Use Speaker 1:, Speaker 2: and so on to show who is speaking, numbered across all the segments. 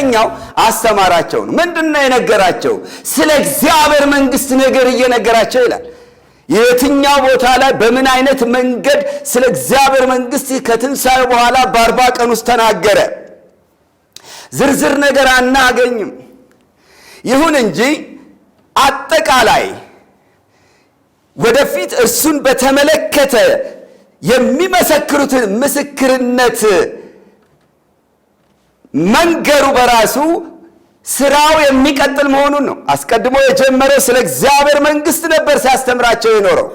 Speaker 1: ሁለተኛው አስተማራቸው ነው። ምንድን ነው የነገራቸው? ስለ እግዚአብሔር መንግስት ነገር እየነገራቸው ይላል። የትኛው ቦታ ላይ በምን አይነት መንገድ ስለ እግዚአብሔር መንግስት ከትንሣኤ በኋላ በአርባ ቀን ውስጥ ተናገረ? ዝርዝር ነገር አናገኝም። ይሁን እንጂ አጠቃላይ ወደፊት እርሱን በተመለከተ የሚመሰክሩትን ምስክርነት መንገሩ በራሱ ስራው የሚቀጥል መሆኑን ነው። አስቀድሞ የጀመረው ስለ እግዚአብሔር መንግስት ነበር ሲያስተምራቸው የኖረው።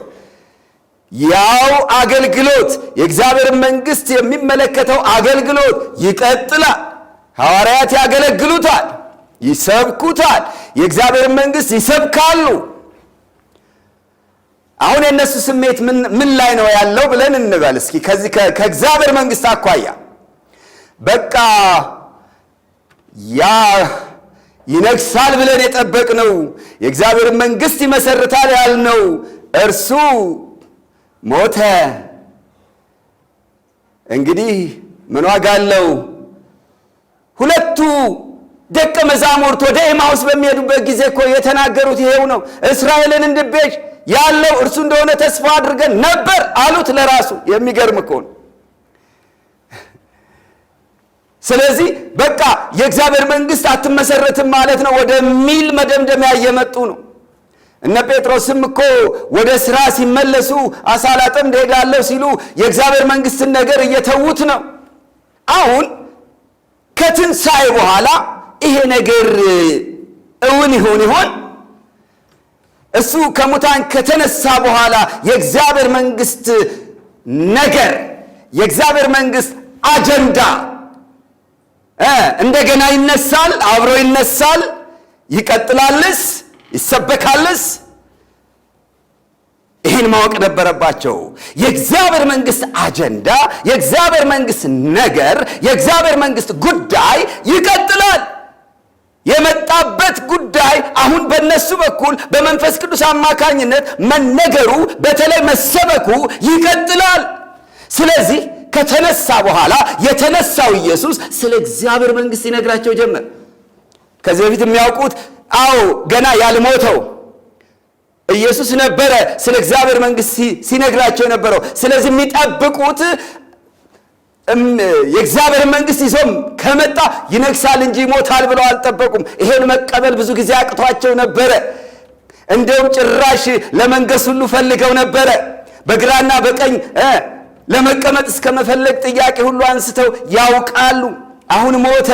Speaker 1: ያው አገልግሎት የእግዚአብሔር መንግስት የሚመለከተው አገልግሎት ይቀጥላል። ሐዋርያት ያገለግሉታል፣ ይሰብኩታል፣ የእግዚአብሔር መንግስት ይሰብካሉ። አሁን የእነሱ ስሜት ምን ላይ ነው ያለው ብለን እንበል እስኪ ከዚህ ከእግዚአብሔር መንግስት አኳያ በቃ ያ ይነግሳል ብለን የጠበቅነው የእግዚአብሔር መንግሥት ይመሰርታል ያልነው እርሱ ሞተ። እንግዲህ ምን ዋጋ አለው? ሁለቱ ደቀ መዛሙርት ወደ ኤማውስ በሚሄዱበት ጊዜ እኮ የተናገሩት ይሄው ነው። እስራኤልን እንድቤዥ ያለው እርሱ እንደሆነ ተስፋ አድርገን ነበር አሉት። ለራሱ የሚገርም እኮ ነው። ስለዚህ በቃ የእግዚአብሔር መንግስት አትመሰረትም ማለት ነው ወደሚል መደምደሚያ እየመጡ ነው። እነ ጴጥሮስም እኮ ወደ ሥራ ሲመለሱ አሳ ላጠምድ እሄዳለሁ ሲሉ የእግዚአብሔር መንግስትን ነገር እየተዉት ነው። አሁን ከትንሣኤ በኋላ ይሄ ነገር እውን ይሆን ይሆን? እሱ ከሙታን ከተነሳ በኋላ የእግዚአብሔር መንግስት ነገር የእግዚአብሔር መንግስት አጀንዳ እንደገና ይነሳል፣ አብሮ ይነሳል፣ ይቀጥላልስ፣ ይሰበካልስ። ይህን ማወቅ ነበረባቸው። የእግዚአብሔር መንግስት አጀንዳ፣ የእግዚአብሔር መንግስት ነገር፣ የእግዚአብሔር መንግስት ጉዳይ ይቀጥላል። የመጣበት ጉዳይ አሁን በነሱ በኩል በመንፈስ ቅዱስ አማካኝነት መነገሩ፣ በተለይ መሰበኩ ይቀጥላል። ስለዚህ ከተነሳ በኋላ የተነሳው ኢየሱስ ስለ እግዚአብሔር መንግስት ይነግራቸው ጀመር። ከዚህ በፊት የሚያውቁት አዎ ገና ያልሞተው ኢየሱስ ነበረ ስለ እግዚአብሔር መንግስት ሲነግራቸው የነበረው። ስለዚህ የሚጠብቁት የእግዚአብሔር መንግስት ይዞም ከመጣ ይነግሳል እንጂ ይሞታል ብለው አልጠበቁም። ይሄን መቀበል ብዙ ጊዜ አቅቷቸው ነበረ። እንዲሁም ጭራሽ ለመንገስ ሁሉ ፈልገው ነበረ በግራና በቀኝ ለመቀመጥ እስከ መፈለግ ጥያቄ ሁሉ አንስተው ያውቃሉ። አሁን ሞተ፣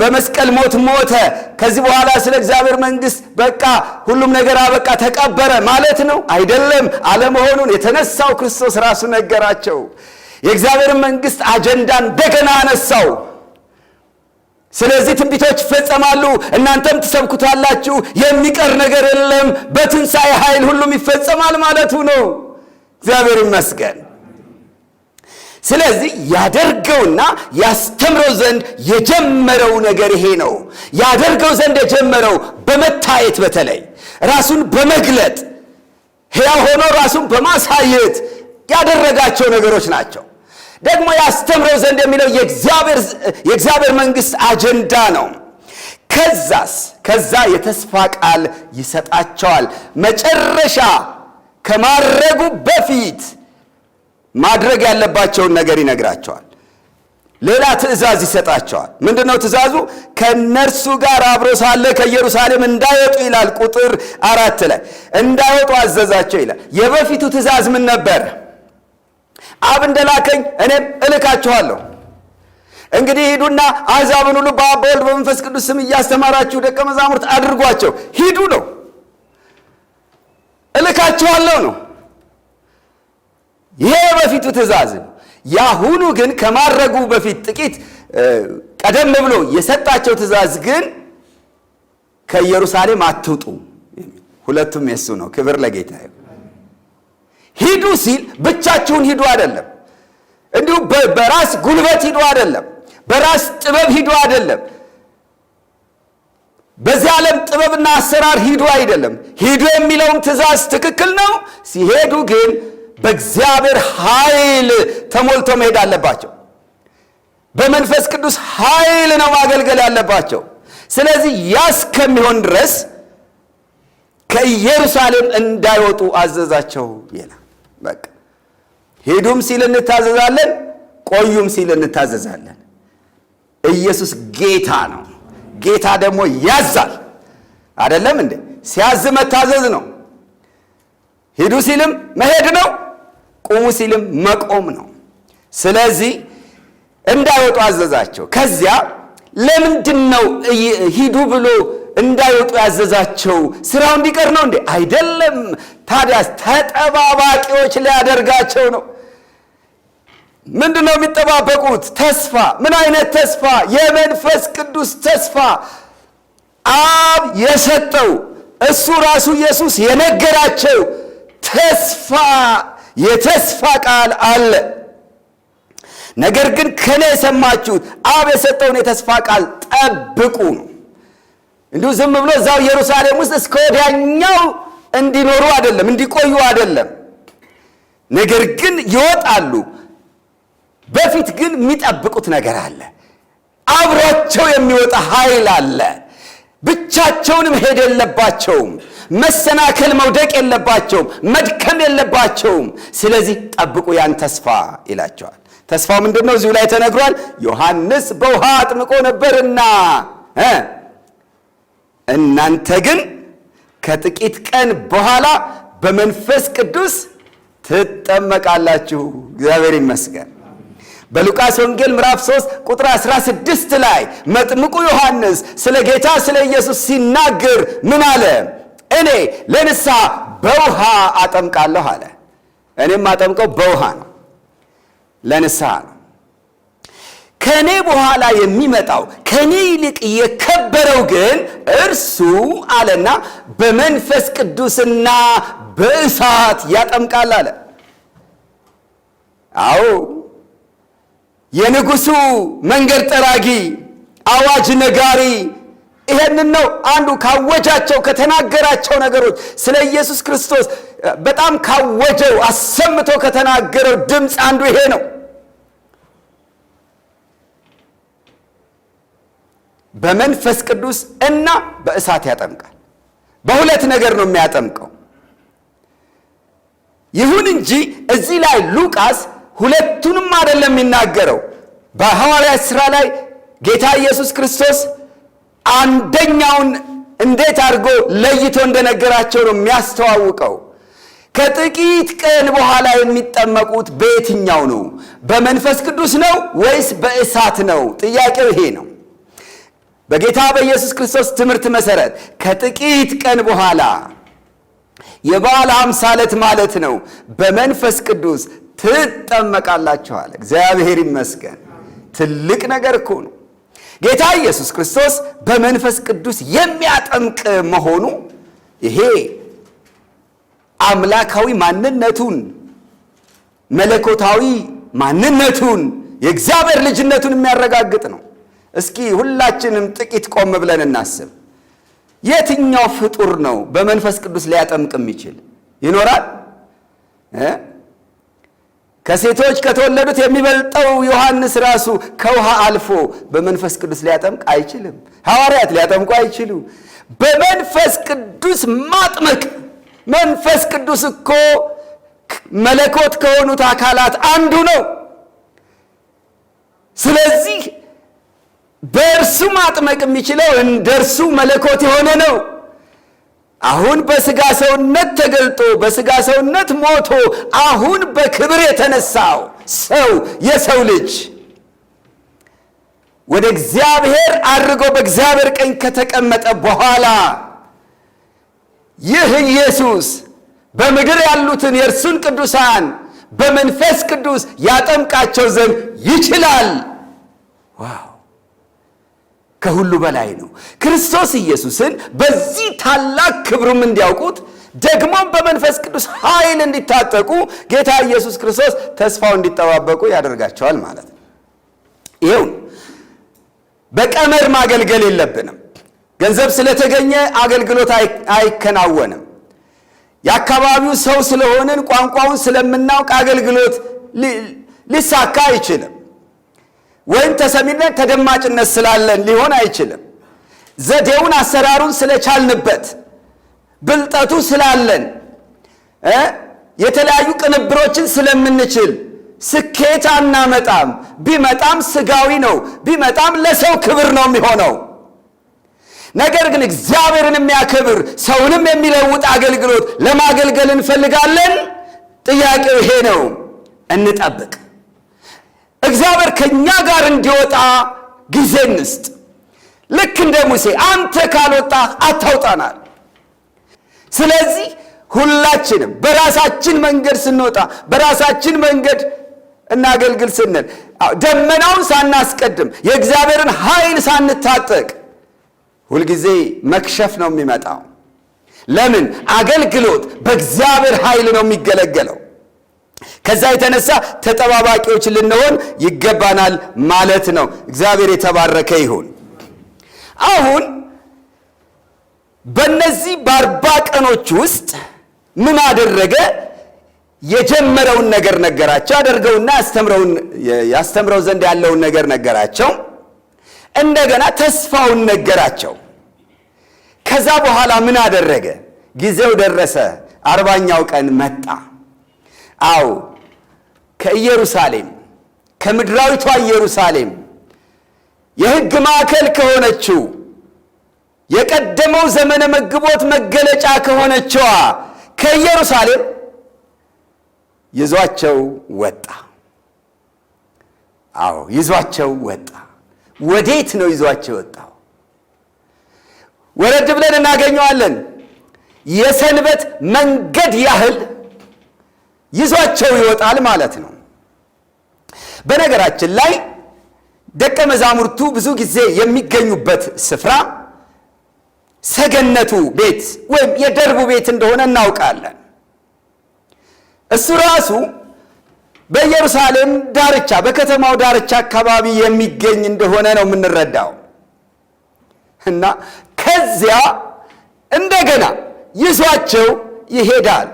Speaker 1: በመስቀል ሞት ሞተ። ከዚህ በኋላ ስለ እግዚአብሔር መንግሥት በቃ ሁሉም ነገር አበቃ፣ ተቀበረ ማለት ነው አይደለም። አለመሆኑን የተነሳው ክርስቶስ ራሱ ነገራቸው። የእግዚአብሔር መንግሥት አጀንዳ እንደገና አነሳው። ስለዚህ ትንቢቶች ይፈጸማሉ፣ እናንተም ትሰብኩታላችሁ፣ የሚቀር ነገር የለም፣ በትንሣኤ ኃይል ሁሉም ይፈጸማል ማለቱ ነው። እግዚአብሔር ይመስገን። ስለዚህ ያደርገውና ያስተምረው ዘንድ የጀመረው ነገር ይሄ ነው። ያደርገው ዘንድ የጀመረው በመታየት በተለይ ራሱን በመግለጥ ሕያው ሆኖ ራሱን በማሳየት ያደረጋቸው ነገሮች ናቸው። ደግሞ ያስተምረው ዘንድ የሚለው የእግዚአብሔር መንግሥት አጀንዳ ነው። ከዛስ ከዛ የተስፋ ቃል ይሰጣቸዋል መጨረሻ ከማድረጉ በፊት ማድረግ ያለባቸውን ነገር ይነግራቸዋል። ሌላ ትእዛዝ ይሰጣቸዋል። ምንድን ነው ትእዛዙ? ከእነርሱ ጋር አብሮ ሳለ ከኢየሩሳሌም እንዳይወጡ ይላል። ቁጥር አራት ላይ እንዳይወጡ አዘዛቸው ይላል። የበፊቱ ትእዛዝ ምን ነበር? አብ እንደላከኝ እኔም እልካችኋለሁ። እንግዲህ ሂዱና አሕዛብን ሁሉ በአብ በወልድ በመንፈስ ቅዱስ ስም እያስተማራችሁ ደቀ መዛሙርት አድርጓቸው ሂዱ ነው። እልካችኋለሁ ነው ይሄ በፊቱ ትእዛዝ ነው። የአሁኑ ግን ከማድረጉ በፊት ጥቂት ቀደም ብሎ የሰጣቸው ትእዛዝ ግን ከኢየሩሳሌም አትውጡ፣ ሁለቱም የሱ ነው። ክብር ለጌታ። ሂዱ ሲል ብቻችሁን ሂዱ አይደለም፣ እንዲሁም በራስ ጉልበት ሂዱ አይደለም፣ በራስ ጥበብ ሂዱ አይደለም፣ በዚህ ዓለም ጥበብና አሰራር ሂዱ አይደለም። ሂዱ የሚለውም ትእዛዝ ትክክል ነው። ሲሄዱ ግን በእግዚአብሔር ኃይል ተሞልቶ መሄድ አለባቸው። በመንፈስ ቅዱስ ኃይል ነው ማገልገል ያለባቸው። ስለዚህ ያ እስከሚሆን ድረስ ከኢየሩሳሌም እንዳይወጡ አዘዛቸው ይላል። በቃ ሂዱም ሲል እንታዘዛለን፣ ቆዩም ሲል እንታዘዛለን። ኢየሱስ ጌታ ነው። ጌታ ደግሞ ያዛል። አይደለም እንዴ? ሲያዝ መታዘዝ ነው። ሂዱ ሲልም መሄድ ነው። ቁሙ ሲልም መቆም ነው። ስለዚህ እንዳይወጡ አዘዛቸው። ከዚያ ለምንድን ነው ሂዱ ብሎ እንዳይወጡ ያዘዛቸው? ስራው እንዲቀር ነው እንዴ? አይደለም። ታዲያስ ተጠባባቂዎች ሊያደርጋቸው ነው። ምንድን ነው የሚጠባበቁት? ተስፋ። ምን አይነት ተስፋ? የመንፈስ ቅዱስ ተስፋ፣ አብ የሰጠው እሱ ራሱ ኢየሱስ የነገራቸው ተስፋ የተስፋ ቃል አለ። ነገር ግን ከኔ የሰማችሁት አብ የሰጠውን የተስፋ ቃል ጠብቁ ነው። እንዲሁ ዝም ብሎ እዛው ኢየሩሳሌም ውስጥ እስከ ወዲያኛው እንዲኖሩ አይደለም፣ እንዲቆዩ አይደለም። ነገር ግን ይወጣሉ። በፊት ግን የሚጠብቁት ነገር አለ። አብሯቸው የሚወጣ ኃይል አለ። ብቻቸውንም መሄድ የለባቸውም። መሰናከል መውደቅ የለባቸውም፣ መድከም የለባቸውም። ስለዚህ ጠብቁ ያን ተስፋ ይላቸዋል። ተስፋው ምንድን ነው? እዚሁ ላይ ተነግሯል። ዮሐንስ በውሃ አጥምቆ ነበርና እናንተ ግን ከጥቂት ቀን በኋላ በመንፈስ ቅዱስ ትጠመቃላችሁ። እግዚአብሔር ይመስገን። በሉቃስ ወንጌል ምዕራፍ 3 ቁጥር 16 ላይ መጥምቁ ዮሐንስ ስለ ጌታ ስለ ኢየሱስ ሲናገር ምን አለ? እኔ ለንሳ በውሃ አጠምቃለሁ አለ። እኔም አጠምቀው በውሃ ነው፣ ለንስሐ ነው። ከእኔ በኋላ የሚመጣው ከእኔ ይልቅ የከበረው ግን እርሱ አለና በመንፈስ ቅዱስና በእሳት ያጠምቃል አለ። አዎ የንጉሱ መንገድ ጠራጊ፣ አዋጅ ነጋሪ ይሄንን ነው አንዱ ካወጃቸው ከተናገራቸው ነገሮች ስለ ኢየሱስ ክርስቶስ በጣም ካወጀው አሰምቶ ከተናገረው ድምፅ አንዱ ይሄ ነው። በመንፈስ ቅዱስ እና በእሳት ያጠምቃል። በሁለት ነገር ነው የሚያጠምቀው። ይሁን እንጂ እዚህ ላይ ሉቃስ ሁለቱንም አይደለም የሚናገረው። በሐዋርያ ሥራ ላይ ጌታ ኢየሱስ ክርስቶስ አንደኛውን እንዴት አድርጎ ለይቶ እንደነገራቸው ነው የሚያስተዋውቀው። ከጥቂት ቀን በኋላ የሚጠመቁት በየትኛው ነው? በመንፈስ ቅዱስ ነው ወይስ በእሳት ነው? ጥያቄው ይሄ ነው። በጌታ በኢየሱስ ክርስቶስ ትምህርት መሰረት ከጥቂት ቀን በኋላ የበዓል ሃምሳ ዕለት ማለት ነው፣ በመንፈስ ቅዱስ ትጠመቃላችኋል። እግዚአብሔር ይመስገን። ትልቅ ነገር እኮ ነው። ጌታ ኢየሱስ ክርስቶስ በመንፈስ ቅዱስ የሚያጠምቅ መሆኑ ይሄ አምላካዊ ማንነቱን መለኮታዊ ማንነቱን የእግዚአብሔር ልጅነቱን የሚያረጋግጥ ነው። እስኪ ሁላችንም ጥቂት ቆም ብለን እናስብ። የትኛው ፍጡር ነው በመንፈስ ቅዱስ ሊያጠምቅ የሚችል? ይኖራል? ከሴቶች ከተወለዱት የሚበልጠው ዮሐንስ ራሱ ከውሃ አልፎ በመንፈስ ቅዱስ ሊያጠምቅ አይችልም። ሐዋርያት ሊያጠምቁ አይችሉ። በመንፈስ ቅዱስ ማጥመቅ። መንፈስ ቅዱስ እኮ መለኮት ከሆኑት አካላት አንዱ ነው። ስለዚህ በእርሱ ማጥመቅ የሚችለው እንደ እርሱ መለኮት የሆነ ነው። አሁን በስጋ ሰውነት ተገልጦ በስጋ ሰውነት ሞቶ አሁን በክብር የተነሳው ሰው የሰው ልጅ ወደ እግዚአብሔር አድርጎ በእግዚአብሔር ቀኝ ከተቀመጠ በኋላ ይህ ኢየሱስ በምድር ያሉትን የእርሱን ቅዱሳን በመንፈስ ቅዱስ ያጠምቃቸው ዘንድ ይችላል። ዋው ከሁሉ በላይ ነው። ክርስቶስ ኢየሱስን በዚህ ታላቅ ክብሩም እንዲያውቁት ደግሞም በመንፈስ ቅዱስ ኃይል እንዲታጠቁ ጌታ ኢየሱስ ክርስቶስ ተስፋው እንዲጠባበቁ ያደርጋቸዋል ማለት ነው። ይሁን በቀመር ማገልገል የለብንም። ገንዘብ ስለተገኘ አገልግሎት አይከናወንም። የአካባቢው ሰው ስለሆንን ቋንቋውን ስለምናውቅ አገልግሎት ሊሳካ አይችልም። ወይም ተሰሚነት ተደማጭነት ስላለን ሊሆን አይችልም። ዘዴውን አሰራሩን ስለቻልንበት ብልጠቱ ስላለን የተለያዩ ቅንብሮችን ስለምንችል ስኬት አናመጣም። ቢመጣም ስጋዊ ነው፣ ቢመጣም ለሰው ክብር ነው የሚሆነው። ነገር ግን እግዚአብሔርን የሚያከብር ሰውንም የሚለውጥ አገልግሎት ለማገልገል እንፈልጋለን። ጥያቄው ይሄ ነው። እንጠብቅ። እግዚአብሔር ከእኛ ጋር እንዲወጣ ጊዜ እንስጥ። ልክ እንደ ሙሴ አንተ ካልወጣ አታውጣናል። ስለዚህ ሁላችንም በራሳችን መንገድ ስንወጣ በራሳችን መንገድ እናገልግል ስንል ደመናውን ሳናስቀድም የእግዚአብሔርን ኃይል ሳንታጠቅ ሁልጊዜ መክሸፍ ነው የሚመጣው። ለምን? አገልግሎት በእግዚአብሔር ኃይል ነው የሚገለገለው። ከዛ የተነሳ ተጠባባቂዎች ልንሆን ይገባናል ማለት ነው። እግዚአብሔር የተባረከ ይሁን። አሁን በእነዚህ በአርባ ቀኖች ውስጥ ምን አደረገ? የጀመረውን ነገር ነገራቸው። አደርገውና ያስተምረው ዘንድ ያለውን ነገር ነገራቸው። እንደገና ተስፋውን ነገራቸው። ከዛ በኋላ ምን አደረገ? ጊዜው ደረሰ። አርባኛው ቀን መጣ። አዎ ከኢየሩሳሌም ከምድራዊቷ ኢየሩሳሌም የሕግ ማዕከል ከሆነችው የቀደመው ዘመነ መግቦት መገለጫ ከሆነችዋ ከኢየሩሳሌም ይዟቸው ወጣ። አዎ ይዟቸው ወጣ። ወዴት ነው ይዟቸው ወጣው? ወረድ ብለን እናገኘዋለን። የሰንበት መንገድ ያህል ይዟቸው ይወጣል ማለት ነው። በነገራችን ላይ ደቀ መዛሙርቱ ብዙ ጊዜ የሚገኙበት ስፍራ ሰገነቱ ቤት ወይም የደርቡ ቤት እንደሆነ እናውቃለን። እሱ ራሱ በኢየሩሳሌም ዳርቻ በከተማው ዳርቻ አካባቢ የሚገኝ እንደሆነ ነው የምንረዳው እና ከዚያ እንደገና ይዟቸው ይሄዳል።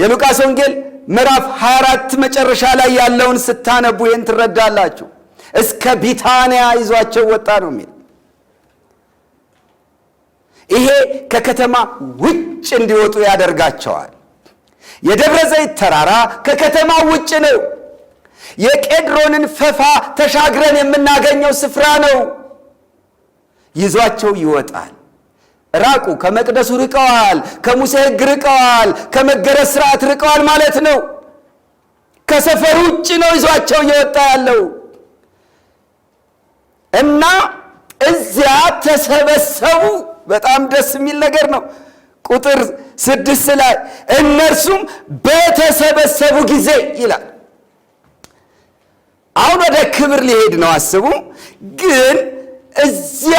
Speaker 1: የሉቃስ ወንጌል ምዕራፍ 24 መጨረሻ ላይ ያለውን ስታነቡ ይህን ትረዳላችሁ። እስከ ቢታንያ ይዟቸው ወጣ ነው የሚል ይሄ ከከተማ ውጭ እንዲወጡ ያደርጋቸዋል። የደብረ ዘይት ተራራ ከከተማ ውጭ ነው። የቄድሮንን ፈፋ ተሻግረን የምናገኘው ስፍራ ነው። ይዟቸው ይወጣል። ራቁ። ከመቅደሱ ርቀዋል፣ ከሙሴ ሕግ ርቀዋል፣ ከመገረዝ ስርዓት ርቀዋል ማለት ነው። ከሰፈር ውጭ ነው ይዟቸው እየወጣ ያለው እና እዚያ ተሰበሰቡ። በጣም ደስ የሚል ነገር ነው። ቁጥር ስድስት ላይ እነርሱም በተሰበሰቡ ጊዜ ይላል። አሁን ወደ ክብር ሊሄድ ነው። አስቡ ግን እዚያ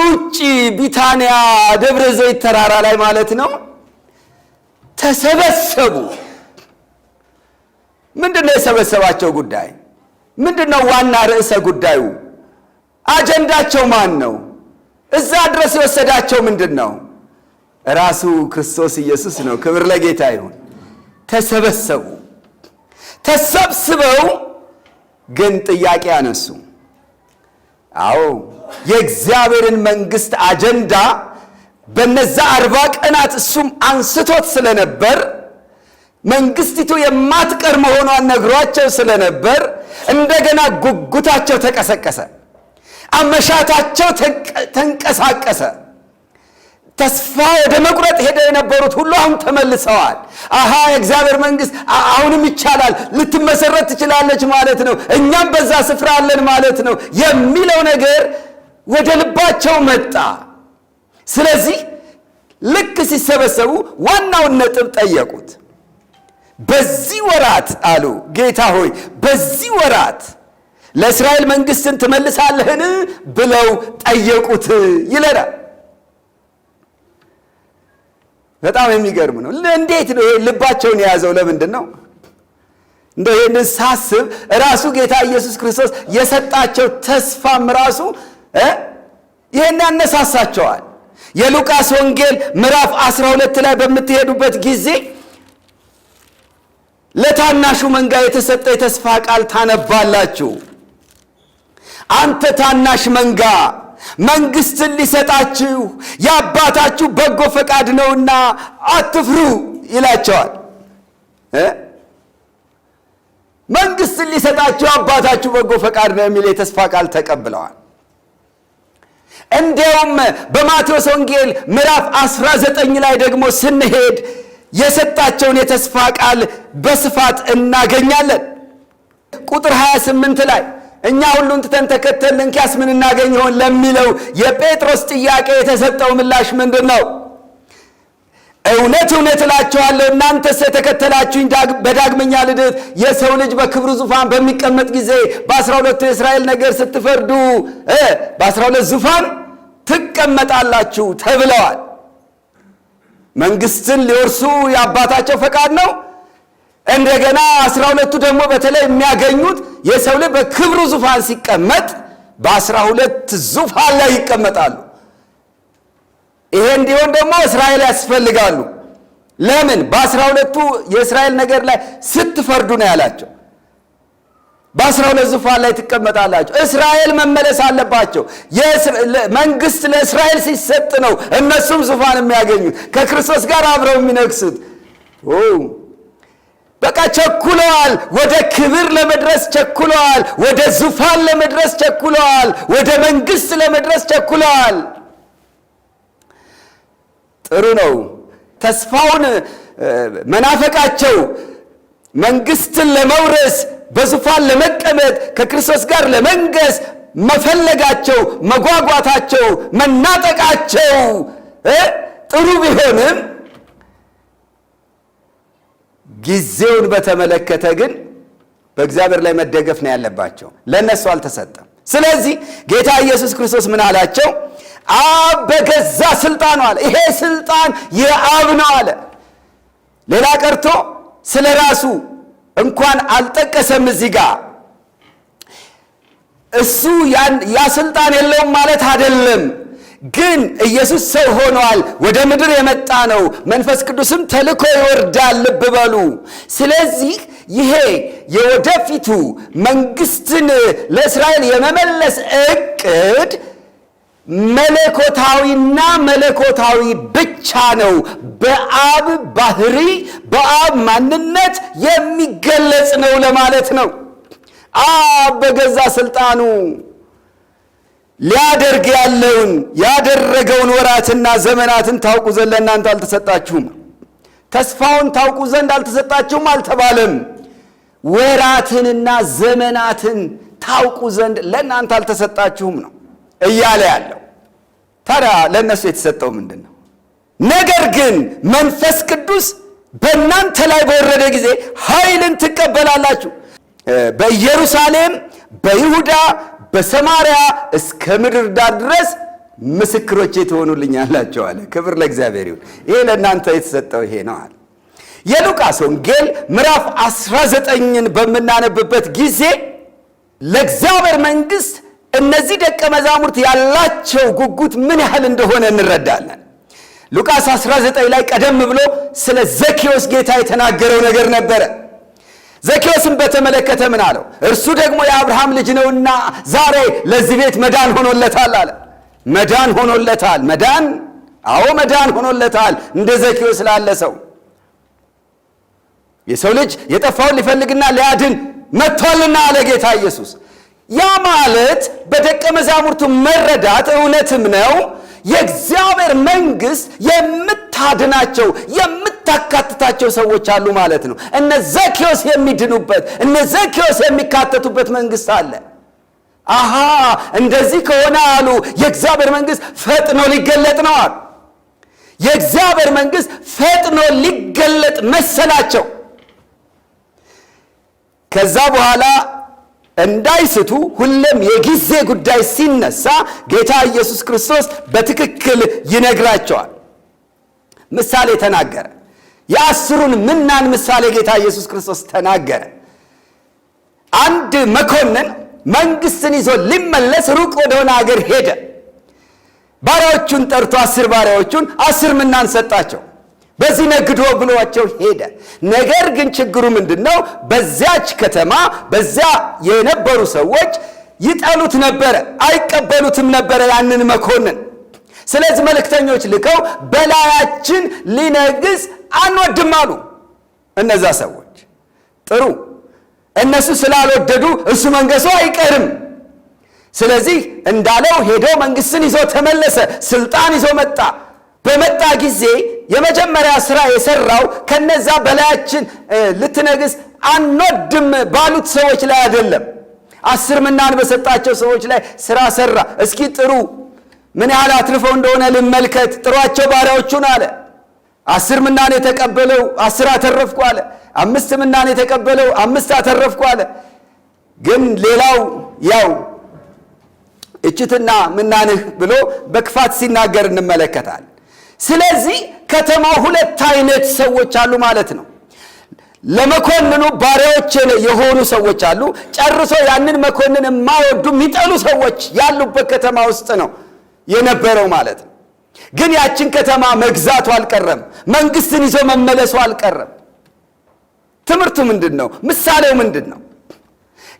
Speaker 1: እውጭ ቢታንያ ደብረ ዘይት ተራራ ላይ ማለት ነው ተሰበሰቡ። ምንድን ነው የሰበሰባቸው ጉዳይ? ምንድነው ነው ዋና ርዕሰ ጉዳዩ? አጀንዳቸው ማን ነው? እዛ ድረስ የወሰዳቸው ምንድን ነው? ራሱ ክርስቶስ ኢየሱስ ነው። ክብር ለጌታ ይሁን። ተሰበሰቡ። ተሰብስበው ግን ጥያቄ አነሱ። አዎ የእግዚአብሔርን መንግስት አጀንዳ በነዛ አርባ ቀናት እሱም አንስቶት ስለነበር መንግስቲቱ የማትቀር መሆኗን ነግሯቸው ስለነበር እንደገና ጉጉታቸው ተቀሰቀሰ፣ አመሻታቸው ተንቀሳቀሰ። ተስፋ ወደ መቁረጥ ሄደው የነበሩት ሁሉ አሁን ተመልሰዋል። አሀ የእግዚአብሔር መንግስት አሁንም ይቻላል፣ ልትመሰረት ትችላለች ማለት ነው። እኛም በዛ ስፍራ አለን ማለት ነው የሚለው ነገር ወደ ልባቸው መጣ። ስለዚህ ልክ ሲሰበሰቡ ዋናውን ነጥብ ጠየቁት። በዚህ ወራት አሉ፣ ጌታ ሆይ በዚህ ወራት ለእስራኤል መንግስትን ትመልሳለህን ብለው ጠየቁት ይለናል። በጣም የሚገርም ነው። እንዴት ነው ልባቸውን የያዘው? ለምንድን ነው እንደ ይህንን ሳስብ ራሱ ጌታ ኢየሱስ ክርስቶስ የሰጣቸው ተስፋም ራሱ ይህን ያነሳሳቸዋል። የሉቃስ ወንጌል ምዕራፍ 12 ላይ በምትሄዱበት ጊዜ ለታናሹ መንጋ የተሰጠ የተስፋ ቃል ታነባላችሁ። አንተ ታናሽ መንጋ መንግሥትን ሊሰጣችሁ የአባታችሁ በጎ ፈቃድ ነውና አትፍሩ ይላቸዋል። መንግሥትን ሊሰጣችሁ አባታችሁ በጎ ፈቃድ ነው የሚል የተስፋ ቃል ተቀብለዋል። እንዲያውም በማቴዎስ ወንጌል ምዕራፍ 19 ላይ ደግሞ ስንሄድ የሰጣቸውን የተስፋ ቃል በስፋት እናገኛለን። ቁጥር 28 ላይ እኛ ሁሉን ትተን ተከተል እንኪያስ ምን እናገኝ ይሆን ለሚለው የጴጥሮስ ጥያቄ የተሰጠው ምላሽ ምንድን ነው? እውነት እውነት እላችኋለሁ እናንተስ የተከተላችሁኝ በዳግመኛ ልደት የሰው ልጅ በክብሩ ዙፋን በሚቀመጥ ጊዜ በአስራ ሁለቱ የእስራኤል ነገር ስትፈርዱ በአስራ ሁለት ዙፋን ትቀመጣላችሁ ተብለዋል። መንግስትን ሊወርሱ የአባታቸው ፈቃድ ነው። እንደገና አስራ ሁለቱ ደግሞ በተለይ የሚያገኙት የሰው ልጅ በክብሩ ዙፋን ሲቀመጥ በአስራ ሁለት ዙፋን ላይ ይቀመጣሉ። ይሄ እንዲሆን ደግሞ እስራኤል ያስፈልጋሉ። ለምን? በአስራ ሁለቱ የእስራኤል ነገር ላይ ስትፈርዱ ነው ያላቸው። በአስራ ሁለት ዙፋን ላይ ትቀመጣላቸው እስራኤል መመለስ አለባቸው። መንግስት ለእስራኤል ሲሰጥ ነው እነሱም ዙፋን የሚያገኙት ከክርስቶስ ጋር አብረው የሚነግሱት በቃ ቸኩለዋል። ወደ ክብር ለመድረስ ቸኩለዋል። ወደ ዙፋን ለመድረስ ቸኩለዋል። ወደ መንግስት ለመድረስ ቸኩለዋል። ጥሩ ነው። ተስፋውን መናፈቃቸው መንግስትን ለመውረስ በዙፋን ለመቀመጥ ከክርስቶስ ጋር ለመንገስ መፈለጋቸው፣ መጓጓታቸው፣ መናጠቃቸው ጥሩ ቢሆንም ጊዜውን በተመለከተ ግን በእግዚአብሔር ላይ መደገፍ ነው ያለባቸው። ለእነሱ አልተሰጠም። ስለዚህ ጌታ ኢየሱስ ክርስቶስ ምን አላቸው? አብ በገዛ ስልጣኑ አለ። ይሄ ስልጣን የአብ ነው አለ። ሌላ ቀርቶ ስለ ራሱ እንኳን አልጠቀሰም። እዚህ ጋር እሱ ያ ስልጣን የለውም ማለት አይደለም። ግን ኢየሱስ ሰው ሆኗል፣ ወደ ምድር የመጣ ነው፣ መንፈስ ቅዱስም ተልኮ ይወርዳል። ልብ በሉ። ስለዚህ ይሄ የወደፊቱ መንግስትን ለእስራኤል የመመለስ እቅድ መለኮታዊና መለኮታዊ ብቻ ነው። በአብ ባህሪ፣ በአብ ማንነት የሚገለጽ ነው ለማለት ነው። አብ በገዛ ስልጣኑ ሊያደርግ ያለውን ያደረገውን ወራትና ዘመናትን ታውቁ ዘንድ ለእናንተ አልተሰጣችሁም። ተስፋውን ታውቁ ዘንድ አልተሰጣችሁም አልተባለም። ወራትንና ዘመናትን ታውቁ ዘንድ ለእናንተ አልተሰጣችሁም ነው እያለ ያለው። ታዲያ ለእነሱ የተሰጠው ምንድን ነው? ነገር ግን መንፈስ ቅዱስ በእናንተ ላይ በወረደ ጊዜ ኃይልን ትቀበላላችሁ፣ በኢየሩሳሌም፣ በይሁዳ በሰማርያ እስከ ምድር ዳር ድረስ ምስክሮቼ ትሆኑልኛላችሁ አለ። ክብር ለእግዚአብሔር ይሁን። ይሄ ለእናንተ የተሰጠው ይሄ ነው አለ። የሉቃስ ወንጌል ምዕራፍ 19ን በምናነብበት ጊዜ ለእግዚአብሔር መንግሥት እነዚህ ደቀ መዛሙርት ያላቸው ጉጉት ምን ያህል እንደሆነ እንረዳለን። ሉቃስ 19 ላይ ቀደም ብሎ ስለ ዘኬዎስ ጌታ የተናገረው ነገር ነበረ። ዘኬዎስን በተመለከተ ምን አለው? እርሱ ደግሞ የአብርሃም ልጅ ነውና ዛሬ ለዚህ ቤት መዳን ሆኖለታል አለ። መዳን ሆኖለታል። መዳን አዎ፣ መዳን ሆኖለታል። እንደ ዘኬዎስ ላለ ሰው የሰው ልጅ የጠፋውን ሊፈልግና ሊያድን መጥቷልና አለ ጌታ ኢየሱስ። ያ ማለት በደቀ መዛሙርቱ መረዳት እውነትም ነው የእግዚአብሔር መንግሥት የምታድናቸው የምታካትታቸው ሰዎች አሉ ማለት ነው። እነ ዘኪዎስ የሚድኑበት እነ ዘኪዎስ የሚካተቱበት መንግሥት አለ። አሃ እንደዚህ ከሆነ አሉ የእግዚአብሔር መንግሥት ፈጥኖ ሊገለጥ ነዋል። የእግዚአብሔር መንግሥት ፈጥኖ ሊገለጥ መሰላቸው። ከዛ በኋላ እንዳይስቱ ሁሌም የጊዜ ጉዳይ ሲነሳ ጌታ ኢየሱስ ክርስቶስ በትክክል ይነግራቸዋል። ምሳሌ ተናገረ። የአስሩን ምናን ምሳሌ ጌታ ኢየሱስ ክርስቶስ ተናገረ። አንድ መኮንን መንግሥትን ይዞ ሊመለስ ሩቅ ወደሆነ አገር ሄደ። ባሪያዎቹን ጠርቶ አስር ባሪያዎቹን አስር ምናን ሰጣቸው። በዚህ ነግዶ ብሏቸው ሄደ። ነገር ግን ችግሩ ምንድን ነው? በዚያች ከተማ በዚያ የነበሩ ሰዎች ይጠሉት ነበረ፣ አይቀበሉትም ነበረ ያንን መኮንን። ስለዚህ መልእክተኞች ልከው በላያችን ሊነግስ አንወድም አሉ። እነዛ ሰዎች ጥሩ፣ እነሱ ስላልወደዱ እሱ መንገሱ አይቀርም። ስለዚህ እንዳለው ሄዶ መንግስትን ይዞ ተመለሰ፣ ስልጣን ይዞ መጣ። በመጣ ጊዜ የመጀመሪያ ስራ የሰራው ከነዛ በላያችን ልትነግስ አንወድም ባሉት ሰዎች ላይ አይደለም። አስር ምናን በሰጣቸው ሰዎች ላይ ስራ ሰራ። እስኪ ጥሩ ምን ያህል አትርፈው እንደሆነ ልመልከት። ጥሯቸው ባሪያዎቹን አለ። አስር ምናን የተቀበለው አስር አተረፍኩ አለ። አምስት ምናን የተቀበለው አምስት አተረፍኩ አለ። ግን ሌላው ያው እችትና ምናንህ ብሎ በክፋት ሲናገር እንመለከታል። ስለዚህ ከተማው ሁለት አይነት ሰዎች አሉ ማለት ነው። ለመኮንኑ ባሪያዎች የሆኑ ሰዎች አሉ። ጨርሶ ያንን መኮንን የማይወዱ የሚጠሉ ሰዎች ያሉበት ከተማ ውስጥ ነው የነበረው ማለት ነው። ግን ያችን ከተማ መግዛቱ አልቀረም። መንግስትን ይዞ መመለሱ አልቀረም። ትምህርቱ ምንድን ነው? ምሳሌው ምንድን ነው?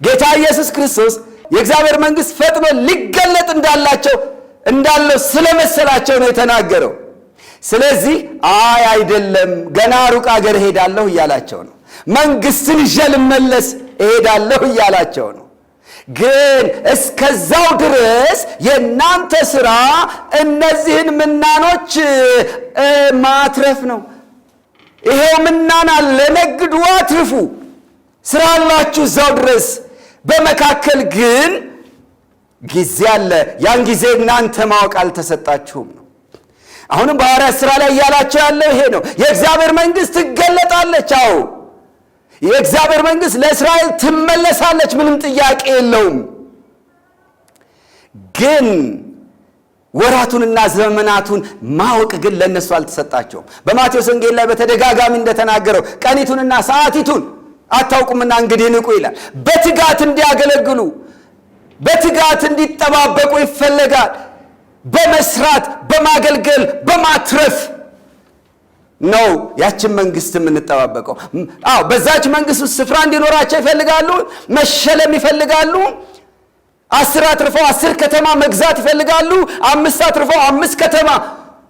Speaker 1: ጌታ ኢየሱስ ክርስቶስ የእግዚአብሔር መንግስት ፈጥኖ ሊገለጥ እንዳላቸው እንዳለው ስለመሰላቸው ነው የተናገረው። ስለዚህ አይ አይደለም፣ ገና ሩቅ አገር እሄዳለሁ እያላቸው ነው። መንግሥትን ይዤ ልመለስ እሄዳለሁ እያላቸው ነው። ግን እስከዛው ድረስ የእናንተ ሥራ እነዚህን ምናኖች ማትረፍ ነው። ይሄው ምናን አለ፣ ነግዱ፣ አትርፉ፣ ሥራ አላችሁ እዛው ድረስ። በመካከል ግን ጊዜ አለ። ያን ጊዜ እናንተ ማወቅ አልተሰጣችሁም ነው አሁንም በሐዋርያት ሥራ ላይ እያላቸው ያለው ይሄ ነው። የእግዚአብሔር መንግሥት ትገለጣለች። አዎ የእግዚአብሔር መንግሥት ለእስራኤል ትመለሳለች። ምንም ጥያቄ የለውም። ግን ወራቱንና ዘመናቱን ማወቅ ግን ለእነሱ አልተሰጣቸውም። በማቴዎስ ወንጌል ላይ በተደጋጋሚ እንደተናገረው ቀኒቱንና ሰዓቲቱን አታውቁምና እንግዲህ ንቁ ይላል። በትጋት እንዲያገለግሉ በትጋት እንዲጠባበቁ ይፈለጋል። በመስራት በማገልገል በማትረፍ ነው ያችን መንግስት የምንጠባበቀው። አዎ በዛች መንግስት ውስጥ ስፍራ እንዲኖራቸው ይፈልጋሉ፣ መሸለም ይፈልጋሉ። አስር አትርፈው አስር ከተማ መግዛት ይፈልጋሉ። አምስት አትርፈው አምስት ከተማ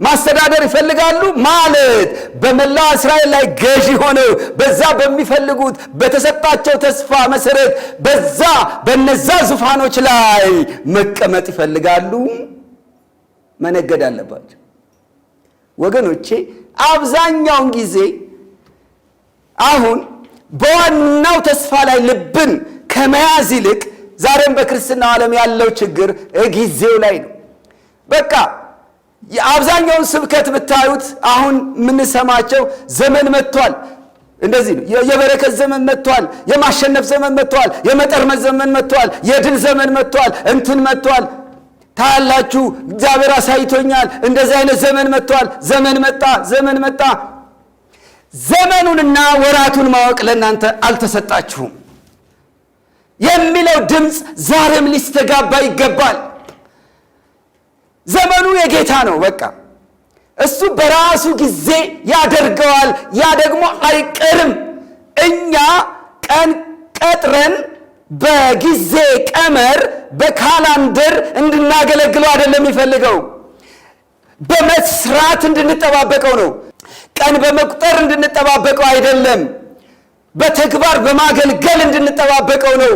Speaker 1: ማስተዳደር ይፈልጋሉ። ማለት በመላ እስራኤል ላይ ገዢ ሆነው በዛ በሚፈልጉት በተሰጣቸው ተስፋ መሰረት በዛ በነዛ ዙፋኖች ላይ መቀመጥ ይፈልጋሉ። መነገድ አለባቸው። ወገኖቼ አብዛኛውን ጊዜ አሁን በዋናው ተስፋ ላይ ልብን ከመያዝ ይልቅ ዛሬም በክርስትናው ዓለም ያለው ችግር ጊዜው ላይ ነው። በቃ አብዛኛውን ስብከት ብታዩት አሁን የምንሰማቸው ዘመን መጥቷል፣ እንደዚህ ነው። የበረከት ዘመን መጥቷል፣ የማሸነፍ ዘመን መጥቷል፣ የመጠርመት ዘመን መጥቷል፣ የድል ዘመን መጥቷል፣ እንትን መጥቷል ታያላችሁ። እግዚአብሔር አሳይቶኛል። እንደዚህ አይነት ዘመን መጥቷል። ዘመን መጣ፣ ዘመን መጣ። ዘመኑንና ወራቱን ማወቅ ለእናንተ አልተሰጣችሁም የሚለው ድምፅ ዛሬም ሊስተጋባ ይገባል። ዘመኑ የጌታ ነው። በቃ እሱ በራሱ ጊዜ ያደርገዋል። ያ ደግሞ አይቀርም። እኛ ቀን ቀጥረን በጊዜ ቀመር በካላንደር እንድናገለግለው አይደለም የሚፈልገው፣ በመስራት እንድንጠባበቀው ነው። ቀን በመቁጠር እንድንጠባበቀው አይደለም፣ በተግባር በማገልገል እንድንጠባበቀው ነው።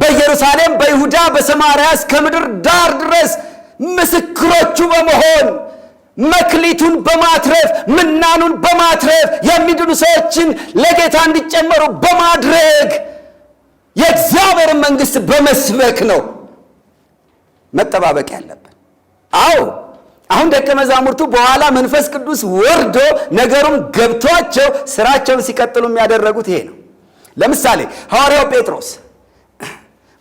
Speaker 1: በኢየሩሳሌም፣ በይሁዳ፣ በሰማርያ እስከ ምድር ዳር ድረስ ምስክሮቹ በመሆን መክሊቱን በማትረፍ ምናኑን በማትረፍ የሚድኑ ሰዎችን ለጌታ እንዲጨመሩ በማድረግ የእግዚአብሔርን መንግሥት በመስበክ ነው። መጠባበቅ ያለብን። አዎ አሁን ደቀ መዛሙርቱ በኋላ መንፈስ ቅዱስ ወርዶ ነገሩም ገብቷቸው ስራቸውን ሲቀጥሉ የሚያደረጉት ይሄ ነው። ለምሳሌ ሐዋርያው ጴጥሮስ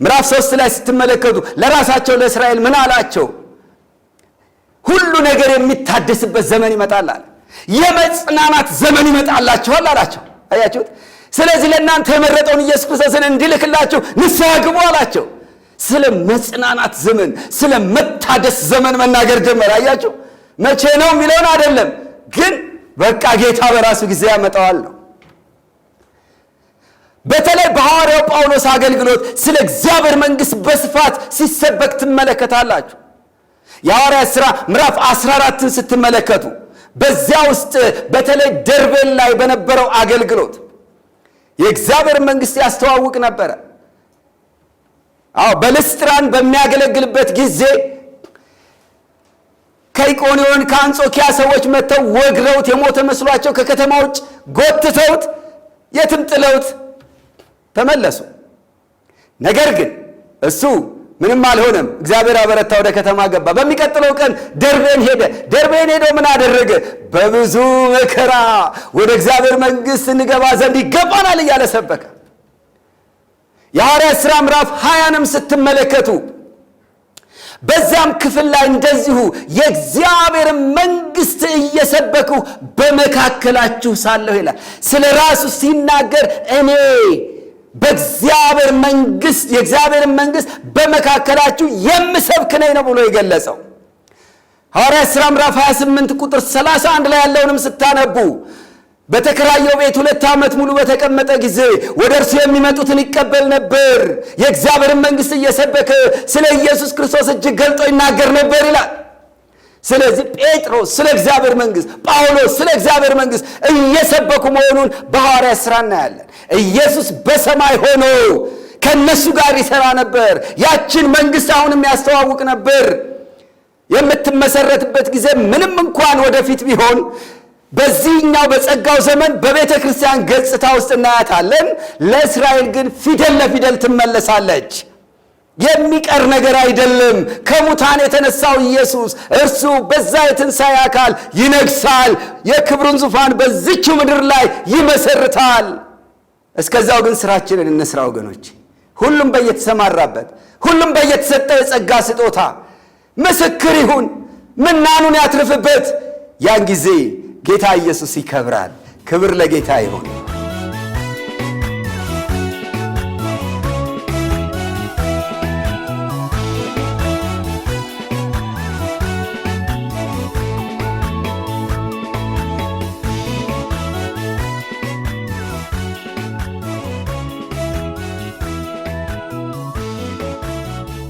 Speaker 1: ምዕራፍ ሶስት ላይ ስትመለከቱ ለራሳቸው ለእስራኤል ምን አላቸው? ሁሉ ነገር የሚታደስበት ዘመን ይመጣል አለ። የመጽናናት ዘመን ይመጣላችኋል አላቸው። አያችሁት? ስለዚህ ለእናንተ የመረጠውን ኢየሱስ ክርስቶስን እንዲልክላችሁ ንስሐ ግቡ አላቸው። ስለ መጽናናት ዘመን፣ ስለ መታደስ ዘመን መናገር ጀመረ። አያችሁ መቼ ነው የሚለውን አይደለም፣ ግን በቃ ጌታ በራሱ ጊዜ ያመጣዋል ነው። በተለይ በሐዋርያው ጳውሎስ አገልግሎት ስለ እግዚአብሔር መንግሥት በስፋት ሲሰበክ ትመለከታላችሁ። የሐዋርያ ሥራ ምዕራፍ 14ን ስትመለከቱ በዚያ ውስጥ በተለይ ደርቤን ላይ በነበረው አገልግሎት የእግዚአብሔር መንግሥት ያስተዋውቅ ነበረ። አዎ በልስጥራን በሚያገለግልበት ጊዜ ከኢቆኒዮን ከአንጾኪያ ሰዎች መጥተው ወግረውት የሞተ መስሏቸው ከከተማ ውጭ ጎትተውት የትም ጥለውት ተመለሱ። ነገር ግን እሱ ምንም አልሆነም። እግዚአብሔር አበረታ፣ ወደ ከተማ ገባ። በሚቀጥለው ቀን ደርቤን ሄደ። ደርቤን ሄዶ ምን አደረገ? በብዙ መከራ ወደ እግዚአብሔር መንግሥት እንገባ ዘንድ ይገባናል እያለ ሰበከ። የሐዋርያት ሥራ ምዕራፍ ሀያንም ስትመለከቱ በዚያም ክፍል ላይ እንደዚሁ የእግዚአብሔር መንግሥት እየሰበኩ በመካከላችሁ ሳለሁ ይላል። ስለ ራሱ ሲናገር እኔ በእግዚአብሔር መንግሥት የእግዚአብሔር መንግሥት በመካከላችሁ የምሰብክ ነኝ ነው ብሎ የገለጸው ሐዋርያት ሥራ ምዕራፍ 28 ቁጥር 31 ላይ ያለውንም ስታነቡ በተከራየው ቤት ሁለት ዓመት ሙሉ በተቀመጠ ጊዜ ወደ እርሱ የሚመጡትን ይቀበል ነበር፣ የእግዚአብሔርን መንግሥት እየሰበከ ስለ ኢየሱስ ክርስቶስ እጅግ ገልጦ ይናገር ነበር ይላል። ስለዚህ ጴጥሮስ ስለ እግዚአብሔር መንግሥት፣ ጳውሎስ ስለ እግዚአብሔር መንግሥት እየሰበኩ መሆኑን በሐዋርያ ሥራ እናያለን። ኢየሱስ በሰማይ ሆኖ ከእነሱ ጋር ይሠራ ነበር። ያችን መንግሥት አሁንም ያስተዋውቅ ነበር። የምትመሰረትበት ጊዜ ምንም እንኳን ወደፊት ቢሆን በዚህኛው በጸጋው ዘመን በቤተ ክርስቲያን ገጽታ ውስጥ እናያታለን። ለእስራኤል ግን ፊደል ለፊደል ትመለሳለች። የሚቀር ነገር አይደለም። ከሙታን የተነሳው ኢየሱስ እርሱ በዛ የትንሣኤ አካል ይነግሳል። የክብሩን ዙፋን በዚች ምድር ላይ ይመሰርታል። እስከዛው ግን ስራችንን እንስራ ወገኖች፣ ሁሉም በየተሰማራበት፣ ሁሉም በየተሰጠ የጸጋ ስጦታ ምስክር ይሁን፣ ምናኑን ያትርፍበት። ያን ጊዜ ጌታ ኢየሱስ ይከብራል። ክብር ለጌታ ይሁን።